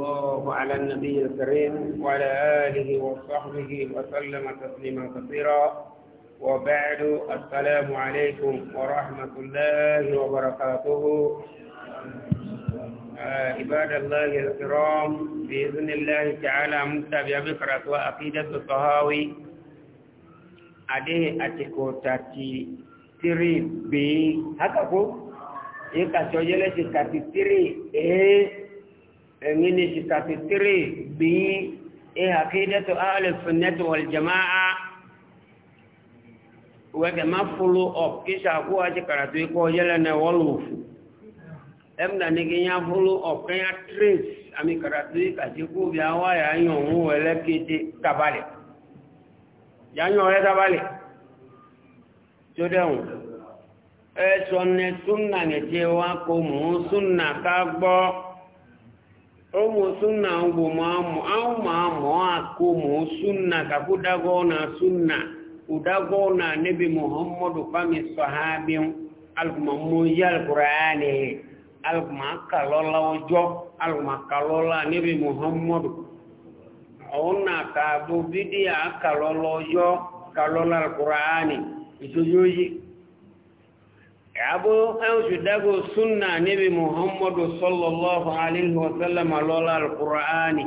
الله على النبي الكريم وعلى آله وصحبه وسلم تسليما كثيرا وبعد السلام عليكم ورحمة الله وبركاته آه، عباد الله الكرام بإذن الله تعالى متبع بكرة وعقيدة الصهاوي عليه أتكو تاتي تري بي هكذا يكا إيه، شجلة تاتي تري إيه ẹ̀yìn ti tàti tírì bí i àkídẹ́tò alẹ́fẹ̀nẹ́tò ọ̀lẹ́jẹ̀máà wẹ́gẹ̀ má fúlù ọ̀p kí sàkó àti kàràtó ikọ̀ yẹlẹ́nẹ̀ wọ́lùfù ẹ̀mdà ní kí yá fúlù ọ̀p kí yá tírèsì àmì kàràtó ìkàtí ya wa kò mú súnà ká gbọ́ omo sunna ngo mamu au mamu ako mu sunna kakudagona sunna udagona nabi muhammad pami sahabi alkuma muja alqur'ani alkuma kalola ojo alkuma kalola nabi muhammad ona ka bu bidia kalola ojo Qurani. alqur'ani isojoji abu hausu dago sunna nabi muhammadu sallallahu alaihi wasallam lola alqur'ani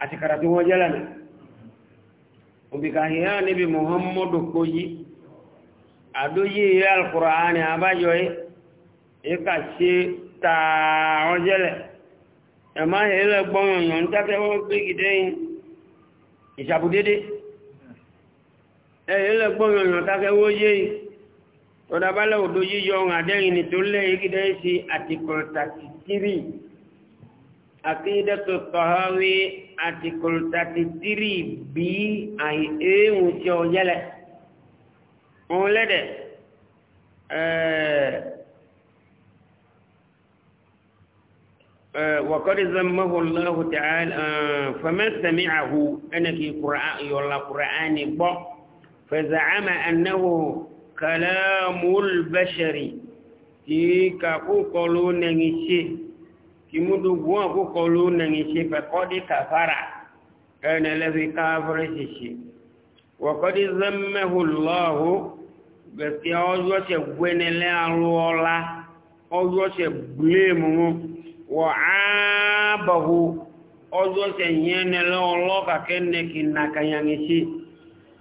ati karatu wajalana ubikahiya nabi muhammadu koji adoyi alqur'ani abajoy eka se ta ojele e ma hele gbon yan take wo pe gideyin isabudede e hele gbon ọ̀dàbálẹ̀ òdo yíyọ ohun àdẹ́yìn ni tó lẹ́ ìgídẹ́ sí article 33 akídẹ́tò tọ́háwé article 33 bí àì éhùn tí ó yẹlẹ̀ òun lẹ́dẹ̀ وقد زمه الله تعالى فمن سمعه أنك قرآن يلا kalamul bashari ti ka kókọ ló nẹ̀yìn ṣe kí múdù gbọ́n kókọ ló nẹ̀yìn ṣe pẹ̀kọ́dí kàfàrà ẹni lẹ́fi káfàrà ṣiṣẹ́ wọ̀kọ́dí zẹ́mẹ́hùlọ́hù bẹ̀kẹ́ ọjọ́ ṣe gbẹ́nilẹ́ arún ọlá ọjọ́ ṣe gbúlẹ̀mù wọ̀ ábàhù ọjọ́ ṣe yẹnilẹ́ ọlọ́kàkẹ́ nẹ̀kì nàkàyàn ṣe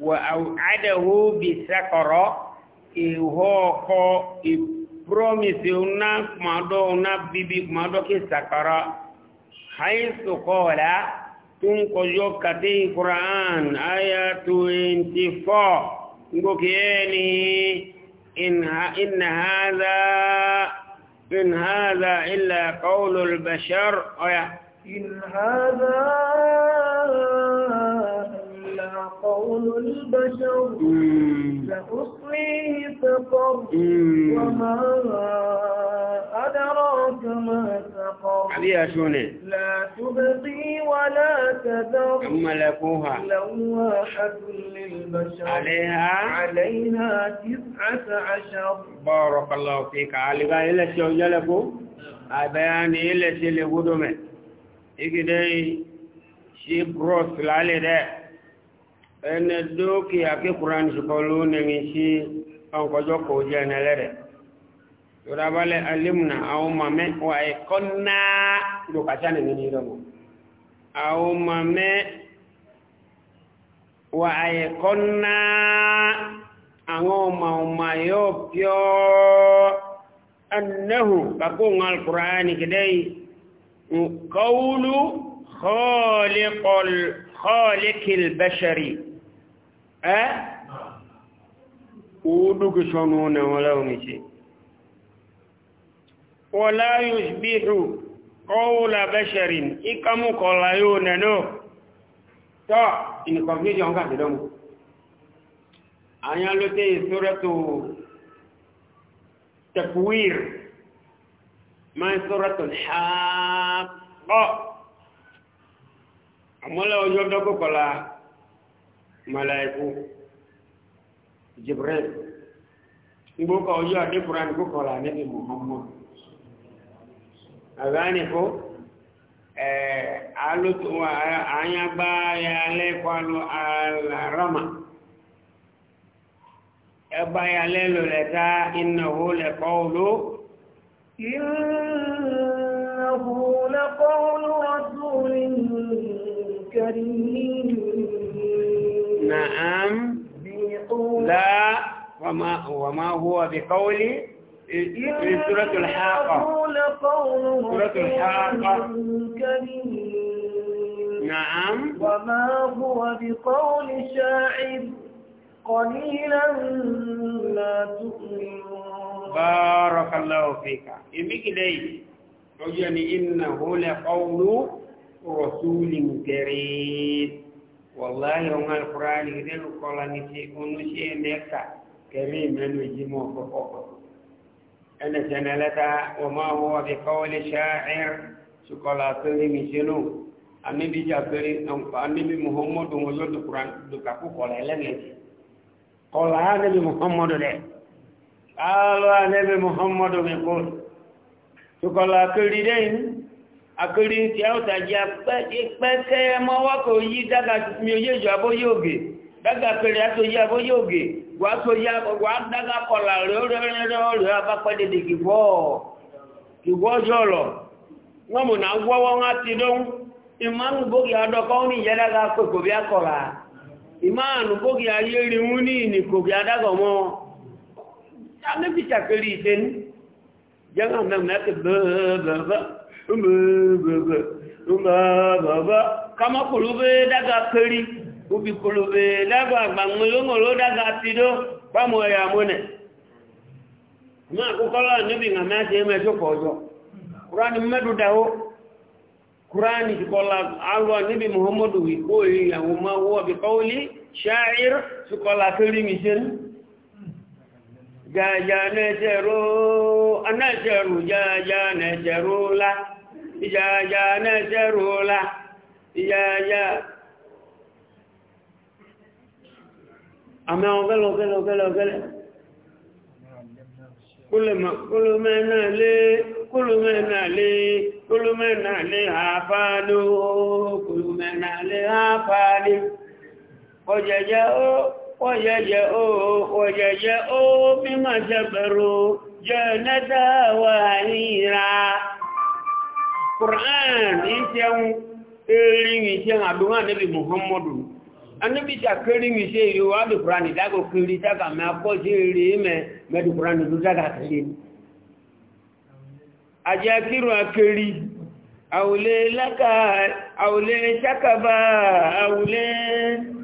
wọ̀ àdàhù bí sẹ́kọ̀rọ̀ ìhọ́ ọkọ ìprọ́mìsì ọ̀nà kùmọ̀dọ́ ọ̀nà bíbí kùmọ̀dọ́ kí sàkàrà haisu kọ́ọ̀lá tó ń kọjọ́ kàdé ìkùrán àyà 24 ngókè ẹni إن هذا إلا قول البشر أيا إن هذا قول البشر سأصليه سقر وما أدراك ما سقر عليها شوني لا تبقي ولا تذر لكوها لواحة للبشر عليها عليها تسعة عشر بارك الله فيك قال إلا شوجلكو أبيان إلا شلي قدمه إيجي دي شيء بروس لالي ده ene doki ake Qur'an shikolu nengi shi an kojo ko je ne lere yura bale alimna aw mame wa ikonna do kachane ni romo aw mame wa ikonna ango ma umayo pyo ẹ́ òódùkú sọnù ọ̀nà wọn láwọn ìṣe wọ́n láyò bí hù kọ́wọ́lá bẹ́ṣẹ̀rin ikamú kọ̀ọ̀lá yóò nẹ̀nà tọ́ ìnìkọ̀fíjọ́ ń kàtìdọ́mù àyàn ló tẹ́ ìsúrẹ́tò tẹ̀kùwìr máa ń súrẹ́tò ṣáàpọ̀ àmọ́lẹ̀ ọjọ́ dọ́kọ̀kọ̀lá mala'iku jibril gbogbo ọjọ́ adébúrán gbókọ̀lá níbi muhammad àgbáníkó alótòwà àyàgbá ayalẹ́kọ́ alárama ẹgbà ayalẹ́ lò lẹ́ta ìnáwó oló إنه لقول رسول كريم نعم لا وما, وما هو بقول في سورة الحاقة سورة الحاقة نعم وما هو بقول شاعر قليلا لا تؤمنون بارك الله فيك إمك لي حجني إنه لقول رسول كريم wàláyé ọmọ alukuraani ìdẹ́nu kọ́lá ní ti onúṣe mẹ́ka kẹrí mẹ́nu ìjímọ̀ kọ́kọ́ ẹnì sẹ́nẹ̀ lẹ́ta ọmọ àwọn abẹ́kọ́wọlé ṣááír sukọ́lá péré mi sínú amébíjà péré amébí muhammadu ọjọ́ dùkàkú kọ́lá ẹlẹ́mẹ̀tì kọ́lá anẹ́bí muhammadu rẹ̀ alọ́ anẹ́bí muhammadu mi kọ́ sukọ́lá péré dẹ́yìn akiri ti a ọ̀tà jẹ́ pẹ́kẹ́ ẹmọ wákò yí dága mi oyé ìjọ abóyé ògè dága pẹ̀rẹ̀ àtòyí abóyé ògè wà dága kọlà rẹ̀ rẹ̀ abápẹ́ dèdè kìfọ́ kìfọ́ ọjọ́ lọ wọ́n mọ̀ náà gbọ́wọ́ wọn ti dán ìmánu bókì adọ́kọ́ ní ìyẹ́ dága pé kò bí akọ̀là ìmánu bókì ayéri mú ní ìní kò bí adágọ̀ mọ́ umebebe umababa kama kulube daga keri ubi kulube daga bangulungulu daga tido pamoja ya mwene ma kukola nibi ngamati yeme choko ojo kurani mmedu dawo kurani nibi muhammadu ìjàjà náà ṣẹ́rù ọlá ìjàjà àmì àwọn kẹ́lọ̀ kẹ́lọ̀ kẹ́lọ̀ kẹ́lẹ̀ kúlùmẹ́nà lé kúlùmẹ́nà lé kúlùmẹ́nà lé àfáàlú kúlùmẹ́nà lé àfáàlú ọjẹ̀jẹ̀ ó ọjẹ̀jẹ̀ ó ọjẹ̀jẹ̀ ó mímọ̀ jẹ́ pẹ̀rù jẹ́ nẹ́ta wà níra Quran ìṣẹ́un erin ìṣẹ́un àdúrà níbi Muhammadu. Anábi ṣàkiri ìṣẹ́ ìlú wádìí Quran ìdágò kiri tága mẹ́ akọ́ṣẹ́ eré mẹ́ mẹ́dù Quran ìlú tága kiri. Àjẹ́ kírò akiri, àwòlé lákà, àwòlé ṣákàbà, àwòlé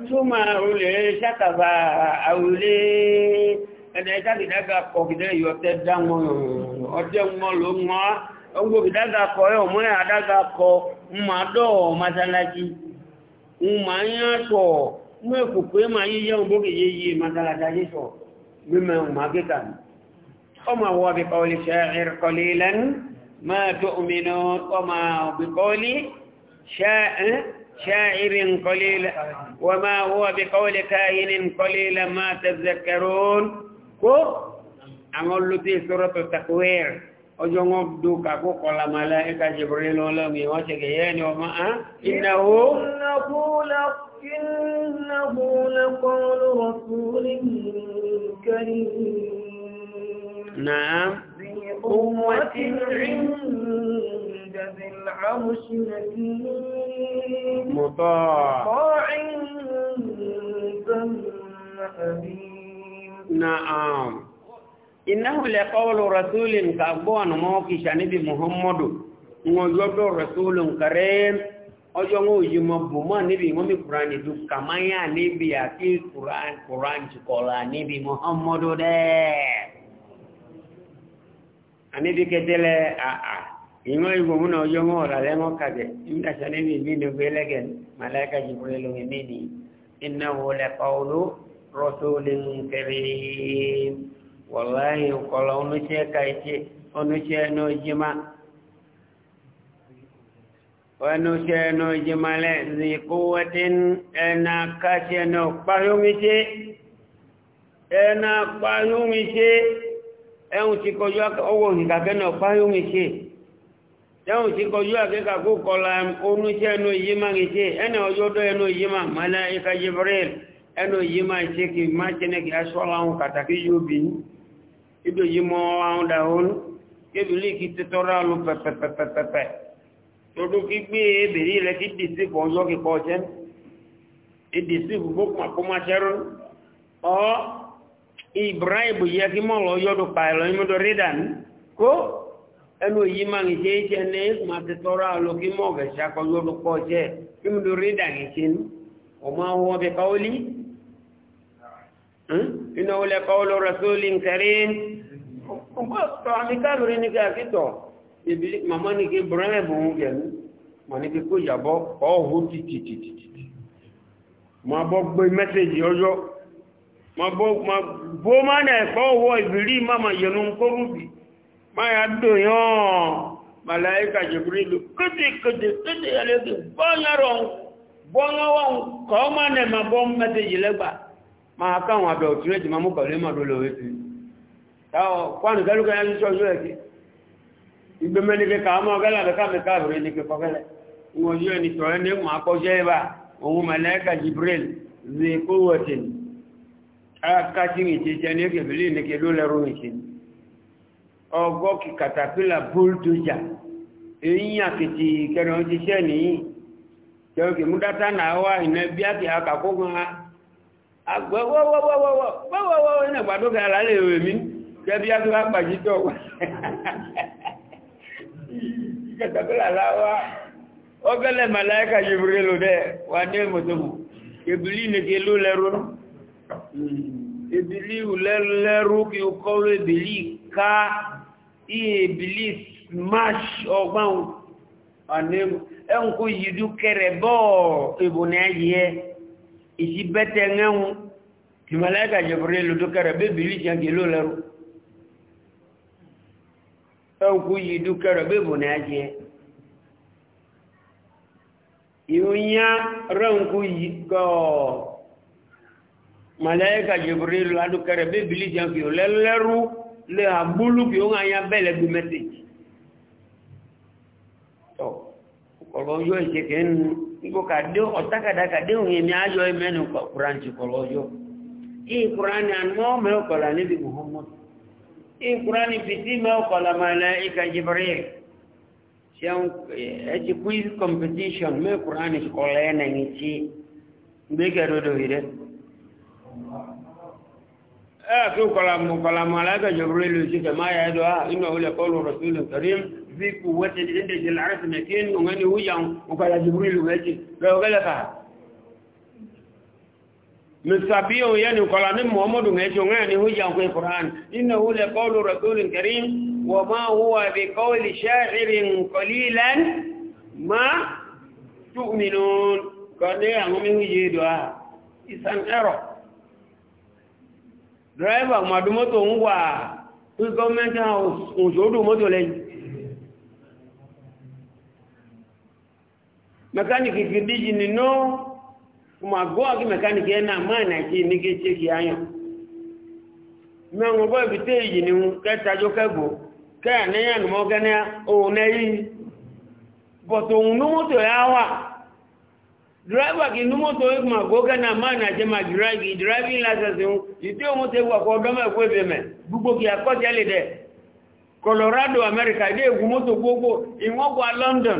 túmà, àwòlé ṣákàbà, àwòlé ẹ̀dẹ̀ ṣákìdága kọ̀kìdẹ́ ìyọ̀tẹ́ dáwọn ọdẹ́ mọ́ ló mọ́ ọgbọ̀ ìdága kọ ẹ ọmọ ẹ adága kọ ń máa dọ̀ mọ́sálásí ń máa ń yàn sọ mú èkùkù ẹ máa yíyẹ ọgbọ̀ kìí yí mọ́sálásí sọ mímẹ́ ọmọ akẹ́kà mi ọmọ àwọn abẹ́kọ̀ọ́lì ṣẹ́ẹ̀rì kọlí lẹ́nu máa tó òmìnà ọmọ abẹ́kọ̀ọ́lì شاعر قليلا وما هو بقول كاهن قليلا ما تذكرون كو أقول له في سورة التكوير ọjọ́ wọn do kàkó kọlà màlá ẹka jẹbẹrẹ lọ́lọ́mì wọ́n ṣẹ̀kẹ̀ yẹ́ ni ọmọ á ìnáwó نعم ذي قوة عند ذي العرش مكين مطاع innahu laqawlu rasulin ka gbọ́n mọ́ kì ṣàníbi muhammadu wọn yọ́dọ̀ rasulun kareem ọjọ́ wọn yìí mọ́ bù mọ́ níbi wọn bí kùrán ìdú kàmáyà níbi àti kùrán jùkọ̀lá níbi muhammadu dẹ́ àníbi kẹtẹlẹ àà ìwọ̀n ìwọ̀n múnà ọjọ́ wọn ọ̀rà lẹ́wọ̀n kàgẹ̀ ìmúdàṣà níbi ìmínú gbẹ́lẹ́gẹ̀ màláìka jùkúrẹ́ lómi mí ni innahu laqawlu rasulin kareem wàláyé ọkọlọ onúṣẹ́ ka iṣẹ́ onúṣẹ́ ẹnu ojima onúṣẹ́ ẹnu ojima lẹ́ ní kówẹ́tí ẹna káṣẹ́ náà páyómiṣẹ́ ẹna páyómiṣẹ́ ẹ̀hùn ti kọjú ọwọ́ ìkàkẹ́ náà páyómiṣẹ́ ẹ̀hùn ti kọjú àkẹ́kàkú kọlá onúṣẹ́ ẹnu ojima iṣẹ́ ẹna ọjọ́dọ́ ẹnu ojima mọ́lá ìkàjẹ́bẹ̀rẹ̀ ẹnu ojima iṣẹ́ kì máa ṣẹ́ ibi yìí mọ́ àwọn dàhónú kébìlì kì í tẹ́tọ́rọ́ àlù pẹ̀pẹ̀pẹ̀pẹ̀pẹ̀ tọdún kí gbé ebèrè rẹ̀ kí dìsí kọ̀ ọjọ́ kíkọ́ ọjẹ́ ìdìsí gbogbo àkómáṣẹ́rú ọ ibrahim yẹ kí mọ́ lọ yọdún pàìlọ́ ìmúdọ̀ rídà ní kó ẹnu èyí máa ń ṣe é ṣe ní máa ti tọrọ àlọ kí mọ́ ọ̀gẹ̀ ṣakọ yọdún pọ̀ ọjẹ́ ìmúdọ̀ rídà ní ṣe ní ọmọ àwọn ọbẹ̀ káwọ́lì إنه لقول رسول كريم أمي كانوا رينك أكيدو إبليك ماما نكي برهب ممكن ما نكي كو جابو أو هو تي تي تي تي ما بوك بي مسج يوجو ما بوك ما بو ما نكو هو إبليك ماما ينوم كروبي ما يدو يون ملايكة جبريل كتي كتي كتي عليك بانيا رون بانيا وان كوما نما بوم مسج لبا máa káwọn àbẹ̀ òtúrẹ́jì máa mú pẹ̀lú mọ̀dó lórí ti kwanu kẹlùkẹ yẹn ń ṣọ́jú ẹ̀kí ìgbẹ́mẹ́nikẹ́ kàámọ́ ọgẹ́lẹ̀ àbẹ́kàmẹ́ káàbìrì ní kíkọ́kẹ́lẹ̀ wọ́n yóò ní tọ́rẹ́ ní mọ̀ jibril zekowotin akásíwì tẹ́tẹ́ ní kẹfìlì ní kẹlú lẹ́rù ìṣin ọgọ́ kí katapila bulldozer èyí àkìtì kẹrìn ọjíṣẹ́ nìyí kẹrìn àgbẹ̀ wọ́wọ́wọ́wọ́wọ́ wọ́wọ́wọ́ ní ara lè mí kẹbí tó bá pàjí tó wà láwá lò dẹ́ wà ní isi bete ng'ewu ti malaika jibril do kara be bilis yang gelo laru au ku yi do kara be bonaje iunya ran ku yi ko malaika jibril adu kara be bilis yang gelo laru le abulu ki iko kade otakada kade onyemi ayo emenu kwa Qur'an Koloyo. chikolojo hii Qur'ani anome okola nabi Muhammad Quran hii Qur'ani pitime okola malaika Jibril sian eji eh, quiz competition me Qur'ani chikolene ngichi mbeke dodo hire eh kwa kola malaika Jibril usikema ya doa ah, inna ule qawlu rasulun karim ذي قوة عند ذي العرش مكين ومن هو يوم وقال جبريل ويجي لو قال لك مستبيع يعني قال نم محمد ويجي ومن هو يوم في القرآن إنه لقول رسول كريم وما هو بقول شاعر قليلا ما تؤمنون قال لي أنا من وجهي It's an error. Driver, màdúmọ́tò ń wà ní gọ́ọ̀mẹ́ntì house, òṣòdù mọ́tò lẹ́yìn. mẹkáníkì gidi yìí nínú ọmọ àgọ́ àti mẹkáníkì ẹ̀ náà máa nà kí ní kí ṣe kí ayàn mẹ́wọ̀n bọ́ ibi tẹ́ yìí ni kẹtajọ́ kẹgbò kẹ́ àníyàn mọ́ gẹ́nẹ́ òun ẹ̀yí bọ̀tò òun ní mọ́tò yá wà dírẹ́bà kì ní mọ́tò ìgbìmọ̀ àgọ́ gẹ́nà máa nà máa dírẹ́bì dírẹ́bì lásẹ̀sì ìdí òun tẹ́ Colorado America dé ègùn mọ́tò gbogbo London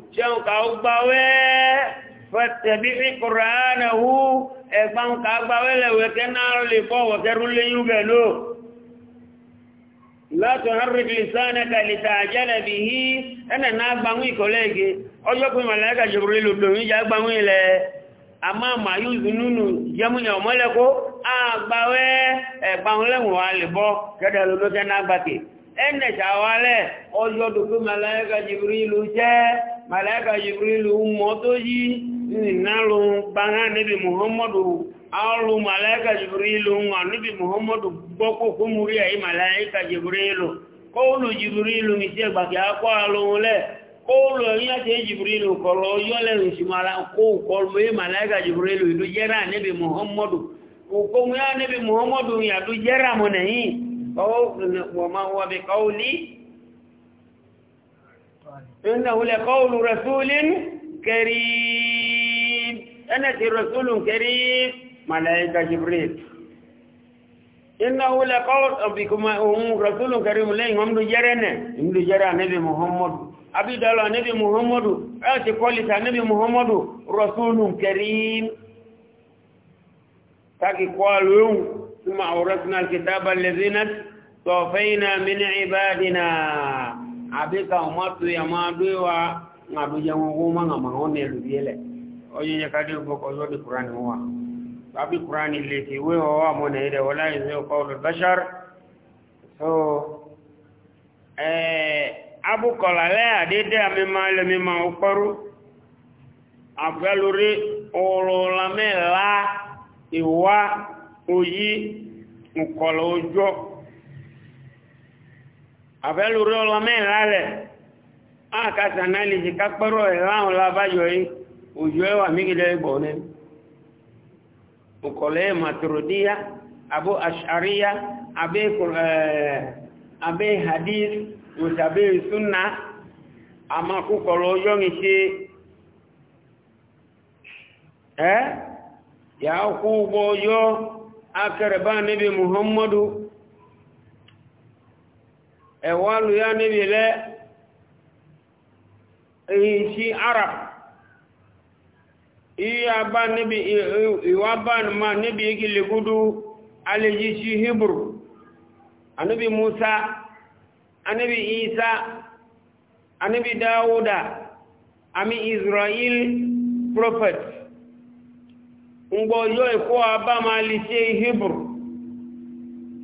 ṣeun ká ó gbáwẹ́ fẹ́tẹ̀bí ìkùránà hú ẹgbà ń ká gbáwẹ́ lẹ̀wẹ̀kẹ́ náà lè fọ́wọ̀ kẹrù léyún bẹ̀ ló látọ̀ harrikli sáànà kàlìtà àjẹ́lẹ̀ bí i ẹnà náà gbáwí ìkọlẹ́gẹ ọjọ́ pé màláìkà jùbúrí lòdò níjà gbáwí lẹ̀ àmá màáyú ìdúnnù jẹ́múyàn mọ́lẹ́kó àgbáwẹ́ ẹ̀gbáwọ́ lẹ́wọ̀n wa lè bọ́ kẹ́dẹ̀ lọ́dọ́kẹ́ náà gbàkè ẹnẹ̀ sàwálẹ̀ ọjọ́ dùkú màláìkà jùbúrí lò jẹ́ màláìka jibrilu mọ́tò yí nínú bára níbi muhammadu arù màláìka jibrilu wà níbi muhammadu gbọ́kò kú múrí àyí jibrilu kóòlù jibrilu ní ṣe gbàgbé akọ́ alóhun lẹ́ kóòlù ẹ̀yìn àti jibrilu jibrilu muhammadu ya muhammadu إنه لقول رسول كريم أنا رسول كريم ملائكة جبريل إنه لقول أبيكم رسول كريم لين هم دجرنا هم دجرا نبي محمد أبي دالا نبي محمد أتي قولتا نبي محمد رسول كريم تاكي قالوا ثم أورثنا الكتاب الذين صوفينا من عبادنا àbíkà ọmọ tó yà máa dúé wa àdójẹ wọn wọ́n máa mà wọ́n nẹ̀lú bí ẹlẹ̀ ọjọ́ yẹ káàdé ọkọ̀ ọjọ́ bí kúránì wọn wà bàbí kúránì lè ti wé ọwọ́ àmọ́nà ilẹ̀ wọlá ìwé ọkọ̀ olùbáṣár so abúkọ̀lá lẹ́ àdédé àmì máa lẹ́mí máa ń pọ́rú àgbẹ́lórí òrùlámẹ́lá ìwá òyí nkọ̀lọ̀ ọjọ́ àfẹ́lórí ọlọ́mẹ́ra rẹ̀ áàkásà náà lè ṣe kápẹ́rọ ìráhùn lábáyọ̀ yìí òjò ẹwà mígidẹ̀ ìbọ̀ ní ọkọ̀lẹ́ maturidíyá abó àṣàríyá abé eh, hadith òṣàbé súnà àmàkúkọ̀lọ́ ọjọ́ ní ṣe ẹ́ yàá kú gbọ́ ọjọ́ akẹrẹ̀bá níbi muhammadu ẹ̀wọ́ alù ya níbi lẹ́ èyí sí arab iya bá níbi ìwà bá ma níbi ikile gudu alèjì sí hebrew anibi musa anibi isa anibi dawuda ami israel prophet ngbọ́ yóò ikú abá ma lè ṣe hebrew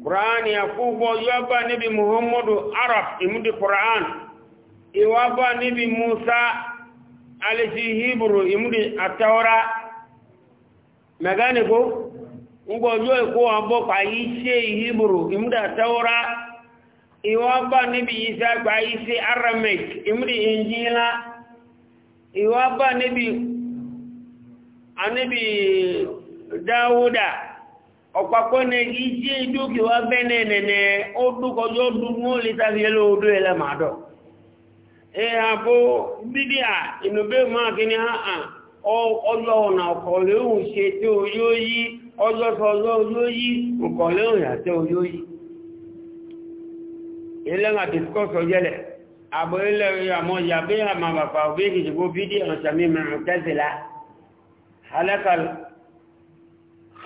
Quran ya kubwa yaba nabi Muhammadu Arab imudi Quran iwaba nabi Musa alishi Hebrew imudi atawra magani ko ngo yoy ko abo pa ise Hebrew imudi atawra iwaba nabi Isa pa ise Aramaic imudi Injila iwaba nabi anabi Dawuda ọ̀pàpọ̀ ní ìjí ìdókè wá bẹ́ẹ̀ nẹ̀nẹ̀ ó dúkọjọ́ dúnmọ́ lè sáfihẹ́ lóòdó ẹlẹ́ máa dọ̀. ìhàbó bídí à ìnùbẹ́ máa kí ní àà ọjọ́ ọ̀nà ọ̀kọ̀lẹ́hùn ṣe tí ó yóò yí ọjọ́ sọjọ́ yóò yí ọ̀kọ̀lẹ́hùn àti yóò yí.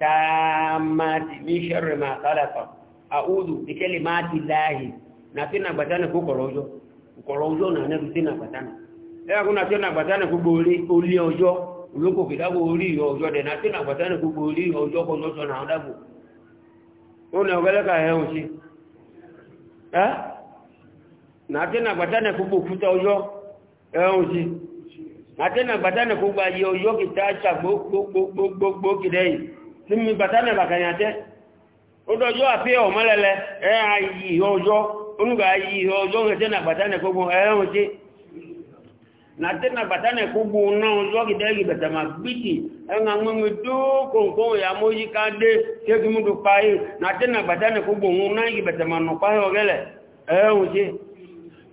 tamati min sharri ma khalaqa a'udhu bi kalimati llahi na na tena batana kukorojo kukorojo na na ne tena batana leo kuna tena batana kubuli uli ojo uloko kidabu uli ojo de na na tena batana kubuli ojo ko noso na adabu una ogeleka heunchi eh na na tena batana kubufuta ojo heunchi na na tena batana kubaji ojo kitacha gbogbogbogbogbo kidai tí mi bàtà ó dọjọ́ àfihàn ọmọlẹ́lẹ́ ẹ ayì ọjọ́ onúgbà ayì ọjọ́ ń tẹ́ nà ẹ̀rùn tí nà tẹ́ nà bàtà náà ọjọ́ kìdẹ́ yìí gbìtì ẹ̀rùn àwọn dókòǹkò ìyàmó yí ká dé kékìmúdù páyé nà tẹ́ nà bàtà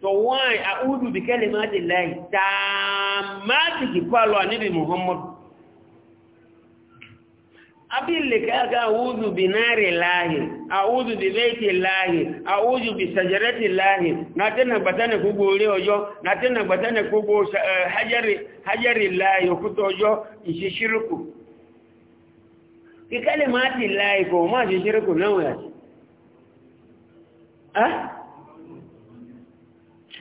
so why àúdù bìkẹ́lẹ̀ má ti lẹ́yìn tààmátìkì pàlọ́ àníbì muhammadu abilika aga a'udhu bi nari lahi a'udhu bi baiti lahi a'udhu bi shajarati lahi na tena batane kugo ile ojo na tena batane kugo uh, eh, hajari hajari lahi kuto ojo ishishiriku kikale mati lahi ko ma ishishiriku nawe ya ah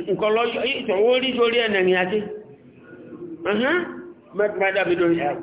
nkolojo ito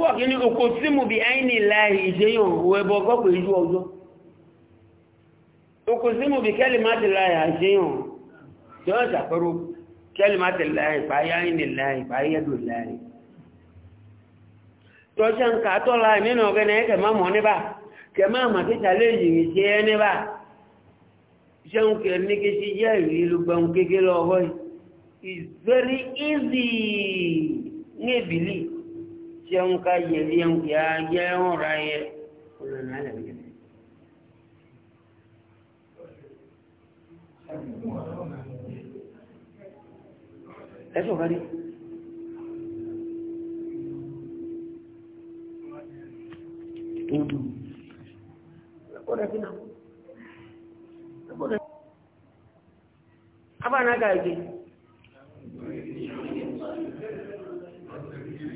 wọ́n kí ní kòkó tí mú bí àìní láì ìṣẹ́yàn òwò ẹbọ gọ́pẹ̀ ìjú ọjọ́ kòkó tí mú bí kẹ́lìmáti láì àṣẹ́yàn tí wọ́n ṣàpẹ́rọ kẹ́lìmáti láì báyá àìní láì báyẹ́dò láì tọ́já ń kàtọ́ láì nínú ọ̀gẹ́nà ẹ̀kẹ́ má mọ́ níbà ní kí ṣe very easy ní jẹun ká yẹ̀lí ẹun kì á jẹ́ ọ̀rá yẹ olùrànà alẹ́ mi. ẹ sọ kárí. Abanaga again.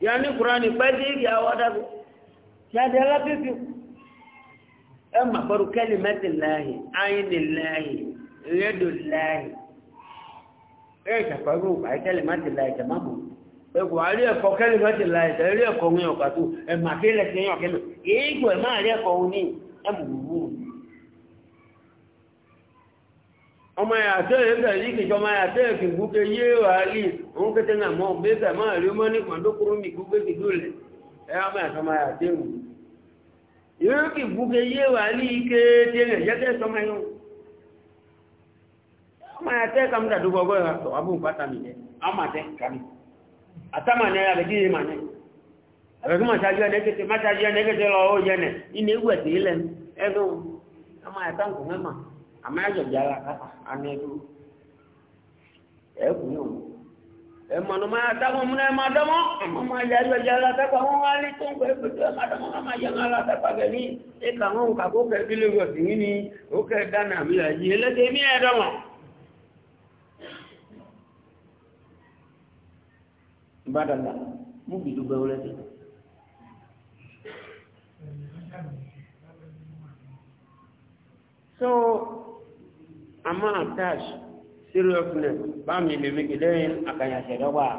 Qur'ani badi ya wadago ya da lafifi amma baru kalimatillahi ainillahi yadullahi eh ta faru ai kalimatillahi tamamu e ko ari e ko kalimatillahi ta ri e ko nyo ka tu e ma kele se kele e ko ma ri e ko uni ọmọ yàtọ̀ ẹ̀bẹ̀ yìí kìjọ ọmọ yàtọ̀ ẹ̀kì gúkẹ yé wà lì òun kẹtẹ náà mọ bẹsẹ máa rí ọmọ ní pàdókòrò mi gúkẹ kì dúlẹ ẹ ọmọ yàtọ̀ ọmọ yàtọ̀ ẹ̀wù yóò kì gúkẹ yé wà lì ike tẹlẹ yẹtẹ sọmọ yẹn ọmọ yàtọ̀ ẹ̀ka mi dàdúgbò ọgọ́ yà sọ abúlé bàtà mi yẹ ọmọ àtẹ kàmi àtàmà amaya jara ane du e kunu e manu ma ta mo mun ma da mo ma ya yo jara ta ko wa ni tun ko ko ma da mo ma ya ngala ta pa gani e ka mo ka ko ke bilu ni o ke dana mi la ji le de mi e da mo badala mu bi du be so àmọ́ attach seriousness bá mi lè mi lẹ́yìn àkànyàṣẹ́ lọ́wọ́ à.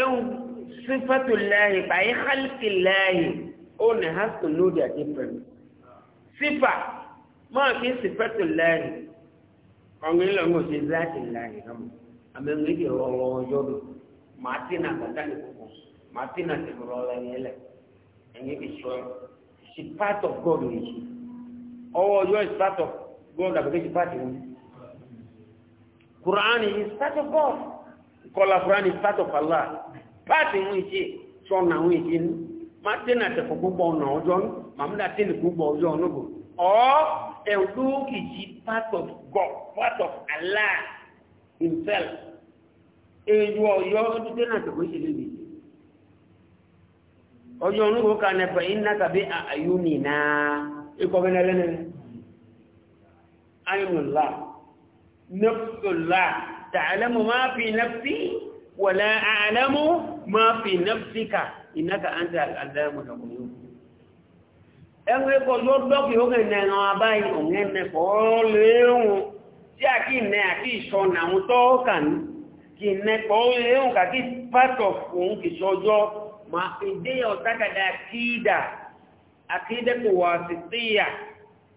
ẹ̀hún sífẹ́tù lẹ́yìn báyìí hálìkì lẹ́yìn ó ní has to know their difference. sífà máa kí sífẹ́tù lẹ́yìn ọ̀gbìn lọ́gbọ̀n ṣe láti lẹ́yìn lọ́mọ àmì ẹ̀rọ ìdí ọ̀rọ̀ ọjọ́ bí màá tí nà bàtà ní kókó màá tí nà tẹ̀kọ̀rọ̀ lẹ́yìn lẹ̀ ẹ̀yìn ìṣọ́ she part of God nìyí ọwọ́ ọjọ́ is God application party. Quran is part of God. Kola Quran is part of Allah. Party mwichi sona mwichi matena te kugbo na ojo mamna te kugbo ojo onogo. Or a look part of God, part of Allah himself. yo te Ojo ayunina. ainullah nafsullah ta'lamu ma fi nafsi wa a'lamu ma fi nafsika innaka anta al-allamu al-ghuyub enwe ko yo do ki o na na abai o nge ne ko leun ti aki ne aki so na un to kan ki ne ko ka ki part of ki sojo ma da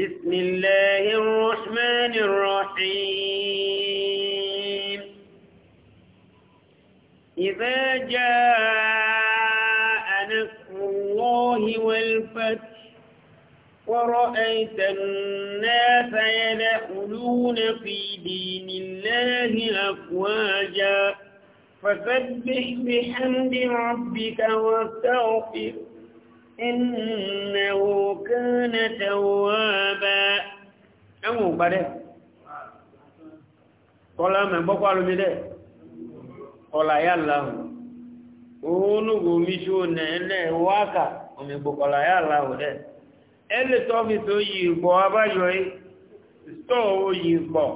بسم الله الرحمن الرحيم إذا جاء نصر الله والفتح ورأيت الناس يدخلون في دين الله أفواجا فسبح بحمد ربك واستغفره إنه كان توابا ẹ̀wọ̀n ò parẹ́ kọlá mẹ́gbọ́kọ́ alómídẹ́ kọlá yà láhùn oónúgbò omiṣó nà ẹlẹ́ wákà omigbò kọlá yà láhùn dẹ́ ẹlẹ́ yi oyì ìgbọ̀ abájọ́ yi stọ́ọ̀ oyì ìgbọ̀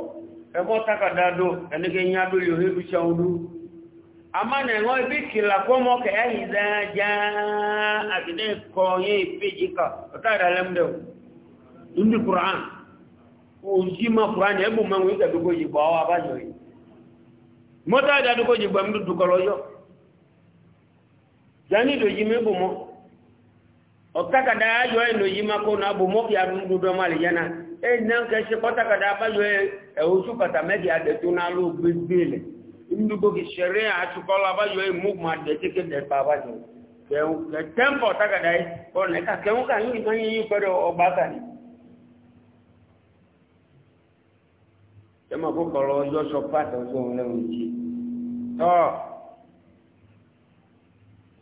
ẹkọ́ takàdá dùn ẹnikẹ́ yín adúlé òhèlú ṣàwọn dúró ama na ngo bi kila ko mo ke ai za ja adine ko ye peji ka ta da lam do indi qur'an o ji ma qur'an e bu ma ngo ta dugo ji jani do ji me bu mo o ta ka da yo yana e nan ke se ko ta ka ya de tu ndugo ki sheria atukọlọ abájọ yìí mú ma dẹ̀tíkẹ́ dẹ̀pá abájọ tẹ́mpọ̀ tágàdá yìí ọ̀nà ẹ̀ka kẹwọn kà yìí máa yìí pẹ̀lú ọba kà ní. tẹ́mọ̀ kó kọ̀lọ̀ ọjọ́ sọ pàtó tó ń lẹ́wọ̀n jì tọ́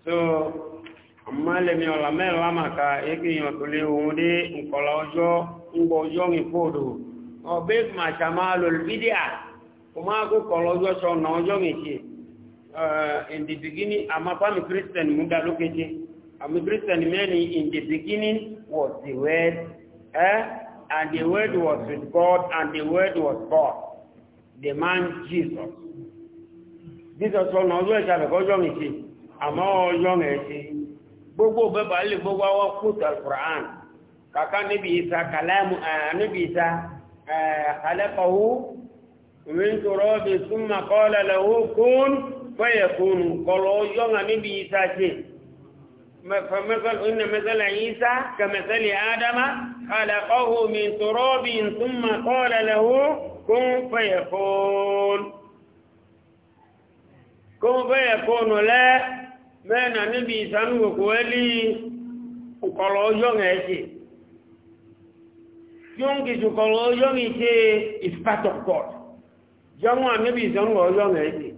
so ọmọlẹ́mi ọ̀là mẹ́rin amàkà ekéyàn tó lé ohun dé nkọ̀lọ̀ ọjọ́ ńgbọ̀ ọjọ́ ìfọ̀dọ̀ ọ̀bẹ́ màṣàmá lòlùbídíà kuma ko kolojo so na ojo mechi in the beginning amapa mi christian muda lokeje am christian many in the beginning was the word eh and the word was with god and the word was god the man jesus jesus so na ojo eja ko ojo mechi ama ojo mechi gbogbo bẹba lè gbogbo awọ kúta quran kàkà níbi ìta kàlámù eh, níbi ìta eh, àlẹ́kọ̀ọ́ من تراب ثم قال له كن فيكون قالوا يوم نبي عيسى فمثل إن مثل عيسى كمثل آدم خلقه من تراب ثم قال له كن فيكون كن فيكون لا من نبي سنوك ولي قالوا يوم عيسى يوم كي قالوا يوم عيسى is part of God jọmọ àmẹ́bí ìsọ́nù ọlọ́run ẹ̀yẹ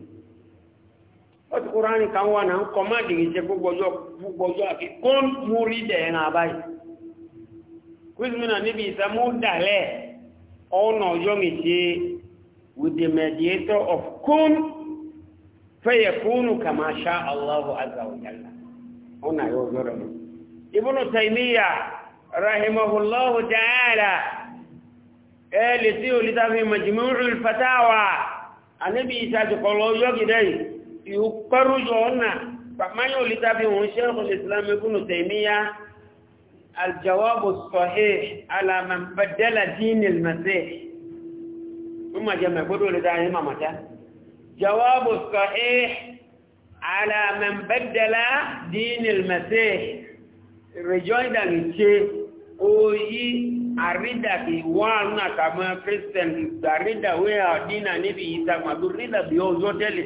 ó ti kúrò ní káwọn náà ń kọ má dìrì jẹ gbogbogbò àfi kó ń mú rí dẹ̀ẹ̀nà àbáyé kúrìsìmínà níbi ìsẹ́mú dàlẹ́ ọ̀nà ọjọ́ méje with the mediator ta'ala ẹ̀ẹ́lẹ̀ tí ó lítà fi majmu'ul fatawa anábì ìsàtìkọlọ yọ́gidẹ́ ìkọrùjọ ọ̀nà pàmáyọ̀ lítà fi wọn shaykhul islam ibn taymiya aljawabu sahih ala man badala dinil masih kuma jama gudu lítà yí mamata jawabu sahih ala man badala dinil masih rejoin da oyi arida bi wana kama Christian arida wea dina nibi isa madurida bi ozote le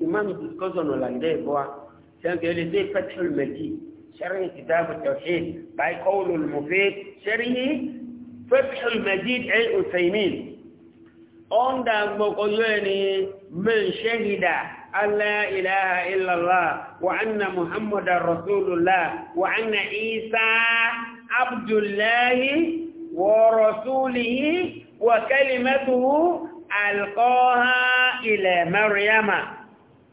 imam discussion olandais boa shanke ile de fatul mati sharhi kitab at-tauhid by qawl al-mufid sharhi fath al-majid al-usaymin onda mokoyeni man shahida أن لا إله إلا الله وأن محمد رسول الله وأن عيسى عبد الله ورسوله وكلمته ألقاها إلى مريم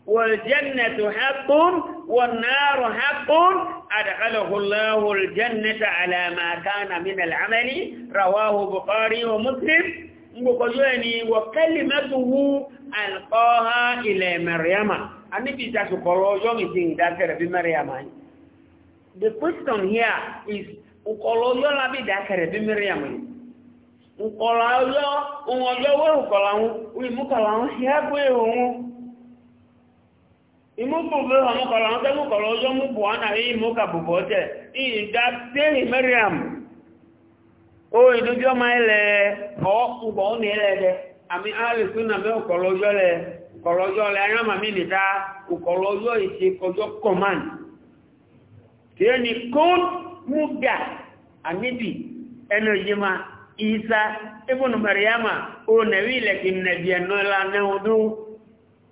والجنة حق والنار حق أدخله الله الجنة على ما كان من العمل رواه بخاري ومسلم مقجوني وكلمته ألقاها إلى مريم النبي تسقر يوم الدين ذكر بمريم The question here is ukọlọ yọ labi dakẹrẹ bi miriam yi ukọlọ yọ ŋun yọ wẹ ukọlọ ŋu wí mukọlọ ŋu yẹ gbé ohun imubu bẹ hàn mukọlọ ŋu tẹ mukọlọ yọ mubu ana yi e tẹ da tẹhi miriam o ìdúdú ọmọ yẹ lẹ ọ ŋgbọ ọ nìyẹ lẹ dẹ àmì alùpùpù nà mẹ ukọlọ lẹ ukọlọ lẹ ayé nìta ukọlọ kọjọ kọman muda anibi eno yima isa ibn maryama o nabi lakin nabiyan la nawdu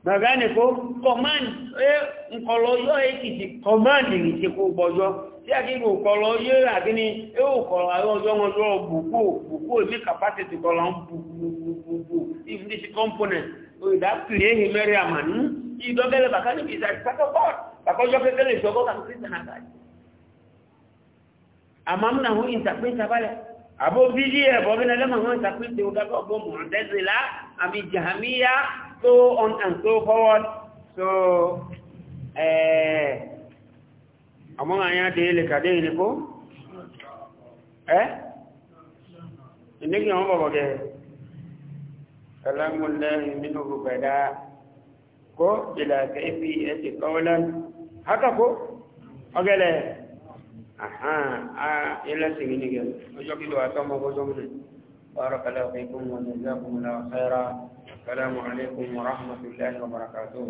bagane ko command e nkolo yo ekiti command ni ti ko bojo ti akigo kolo yo lakini e o kolo ayo yo won yo buku buku e mi capacity ko lan buku if this component o da play maryama ni idogele bakani bisa sakapo bakojo kekele soko kan kristo na gaji àmàmù náà wọ́n ìtàpé ìtàbálẹ̀ àbó bídí ẹ̀bọ̀ bí lẹ́lẹ́mọ̀ wọ́n ìtàpé ìtàpé ìtàpé ọgbọ́n mọ̀ọ́dẹ́sìlá àmì jahamiya so on and so forward so ọmọ àyàn dé lè kàdé yìí ni kó ẹ́ ìdíkì àwọn bọ̀bọ̀ kẹ́ kalamullahi minhu bada ko eh? ila kaifi yati qawlan haka ko ogele ẹlẹ́sìn ní gẹ̀ ọjọ́ kí lọ àtọ́ mọ́gọ́jọ́ mọ́ بارك الله فيكم وجزاكم الله خيرا السلام عليكم ورحمة الله وبركاته